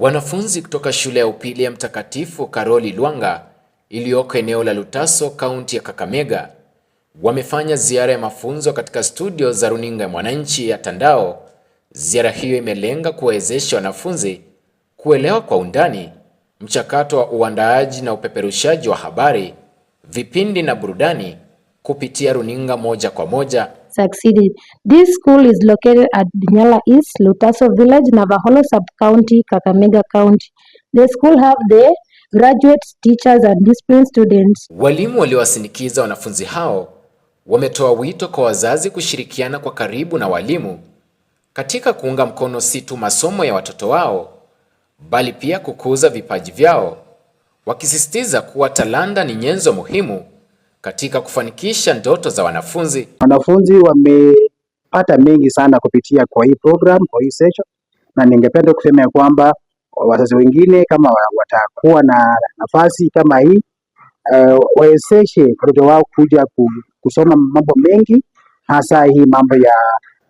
Wanafunzi kutoka shule ya upili ya Mtakatifu Karoli Lwanga iliyoko eneo la Lutaso, kaunti ya Kakamega wamefanya ziara ya mafunzo katika studio za runinga ya Mwananchi ya Tandao. Ziara hiyo imelenga kuwawezesha wanafunzi kuelewa kwa undani mchakato wa uandaaji na upeperushaji wa habari, vipindi na burudani kupitia runinga moja kwa moja succeeded. This school is located at Dinyala East, Lutaso Village, Navaholo Sub-County, Kakamega County. The school have the graduates, teachers and discipline students. Walimu waliowasindikiza wanafunzi hao wametoa wito kwa wazazi kushirikiana kwa karibu na walimu katika kuunga mkono si tu masomo ya watoto wao bali pia kukuza vipaji vyao, wakisisitiza kuwa talanta ni nyenzo muhimu katika kufanikisha ndoto za wanafunzi. Wanafunzi wamepata mengi sana kupitia kwa hii program, kwa hii session, na ningependa kusema ya kwamba wazazi wengine kama watakuwa na nafasi kama hii uh, eh, wawezeshe watoto wao kuja kusoma mambo mengi, hasa hii mambo ya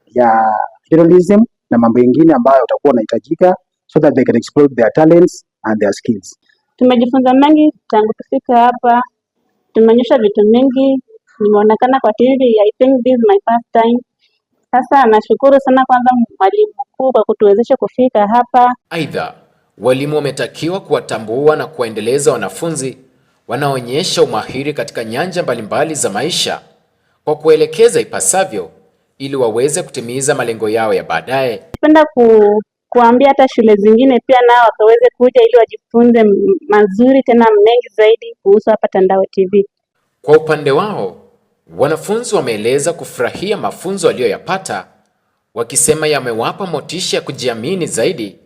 ya journalism na mambo mengine ambayo watakuwa wanahitajika, so that they can explore their talents and their skills. Tumejifunza mengi tangu tufika hapa. Tumeonyeshwa vitu mingi, nimeonekana kwa TV, I think this is my first time. Sasa nashukuru sana kwanza mwalimu mkuu kwa kutuwezesha kufika hapa. Aidha, walimu wametakiwa kuwatambua na kuwaendeleza wanafunzi wanaonyesha umahiri katika nyanja mbalimbali za maisha kwa kuelekeza ipasavyo ili waweze kutimiza malengo yao ya baadaye. Napenda ku kuambia hata shule zingine pia nao wakaweze kuja ili wajifunze mazuri tena mengi zaidi kuhusu hapa Tandao TV. Kwa upande wao wanafunzi wameeleza kufurahia mafunzo waliyoyapata, wakisema yamewapa motisha ya kujiamini zaidi.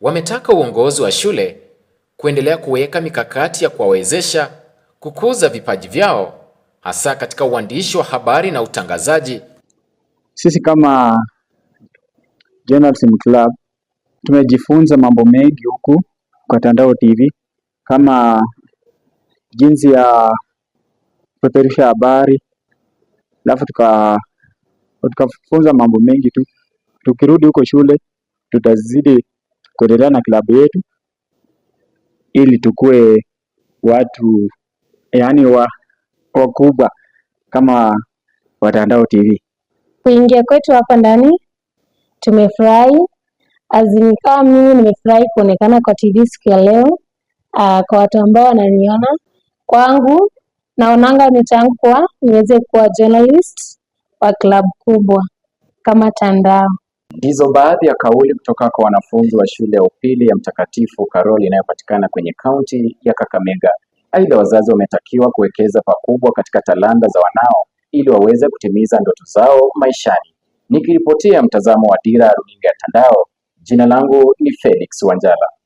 Wametaka uongozi wa shule kuendelea kuweka mikakati ya kuwawezesha kukuza vipaji vyao hasa katika uandishi wa habari na utangazaji. Sisi kama Journalism Club Tumejifunza mambo mengi huku kwa Tandao TV kama jinsi ya kupeperusha habari, alafu tukafunza mambo mengi tu. Tukirudi huko shule, tutazidi kuendelea na klabu yetu ili tukue watu yaani wakubwa kama watandao TV. Kuingia kwetu hapa ndani tumefurahi azinikawa mimi nimefurahi kuonekana kwa TV siku ya leo. Uh, kwa watu ambao wananiona kwangu, naonanga nitangu kuwa niweze kuwa journalist wa klabu kubwa kama Tandao. Ndizo baadhi ya kauli kutoka kwa wanafunzi wa shule ya upili ya Mtakatifu Karol inayopatikana kwenye kaunti ya Kakamega. Aidha, wazazi wametakiwa kuwekeza pakubwa katika talanta za wanao ili waweze kutimiza ndoto zao maishani. Nikiripotia mtazamo wa Dira Runinga ya Tandao, Jina langu ni Felix Wanjara.